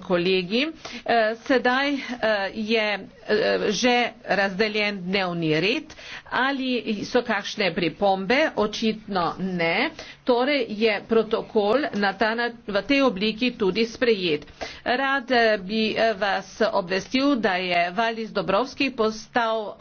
kolegi. Eh, sedaj eh, je eh, že razdeljen dnevni red. Ali so kakšne pripombe? Očitno ne. Torej je protokol na ta, v tej obliki tudi sprejet. Rad bi vas obvestil, da je Valis Dobrovski postal